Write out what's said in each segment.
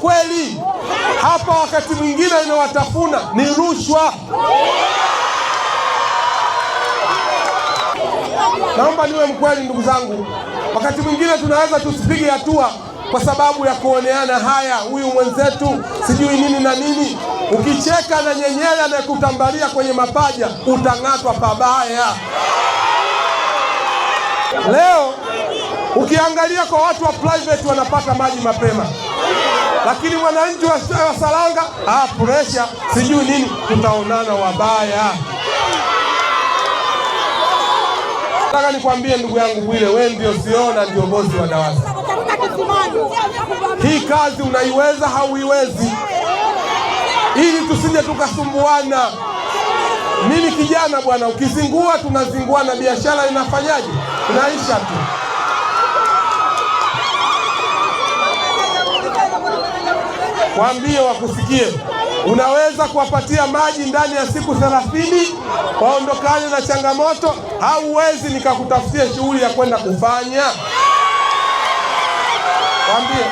kweli. Hapa wakati mwingine inawatafuna ni rushwa. Naomba niwe mkweli, ndugu zangu. Wakati mwingine tunaweza tusipige hatua kwa sababu ya kuoneana, haya, huyu mwenzetu sijui nini na nini. Ukicheka na nyenyele anayekutambalia kwenye mapaja utang'atwa pabaya. Leo ukiangalia kwa watu wa private wanapata maji mapema lakini mwananchi wa Saranga ah, presha sijui nini, tutaonana wabaya. Nataka nikwambie ndugu yangu Bwile, wewe ndio siona ndio bosi wa DAWASA. Hii kazi unaiweza, hauiwezi, ili tusije tukasumbuana. Mimi kijana bwana, ukizingua tunazingua na biashara inafanyaje? Inaisha tu. waambie wakusikie. Unaweza kuwapatia maji ndani ya siku thelathini waondokane na changamoto, au uwezi nikakutafutia shughuli ya kwenda kufanya? Waambie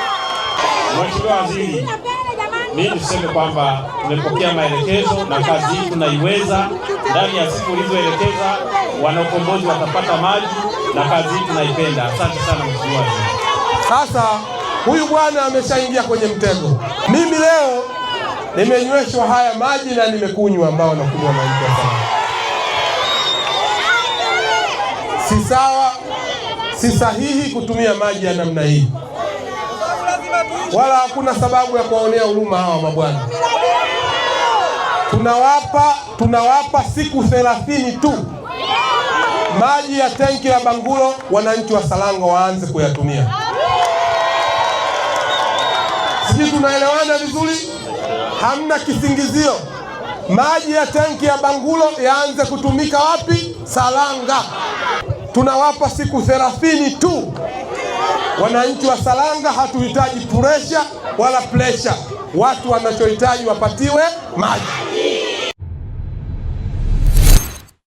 Mheshimiwa Waziri, mimi niseme kwamba tumepokea maelekezo na kazi hii tunaiweza. Ndani ya siku ulizoelekeza Wanaukombozi watapata maji na kazi hii tunaipenda. Asante sana Mheshimiwa Waziri. Sasa Huyu bwana ameshaingia kwenye mtego. Mimi leo nimenyweshwa haya maji na nimekunywa, ambao nakunywa maji si sawa, si sahihi kutumia maji ya namna hii, wala hakuna sababu ya kuwaonea huruma hawa mabwana. Tunawapa, tunawapa siku thelathini tu maji ya tenki la Bangulo, wananchi wa Salango waanze kuyatumia. mnaelewana vizuri, hamna kisingizio. Maji ya tenki ya Bangulo yaanze kutumika wapi? Salanga. Tunawapa siku 30 tu. Wananchi wa Salanga hatuhitaji puresha wala presha, watu wanachohitaji wapatiwe maji.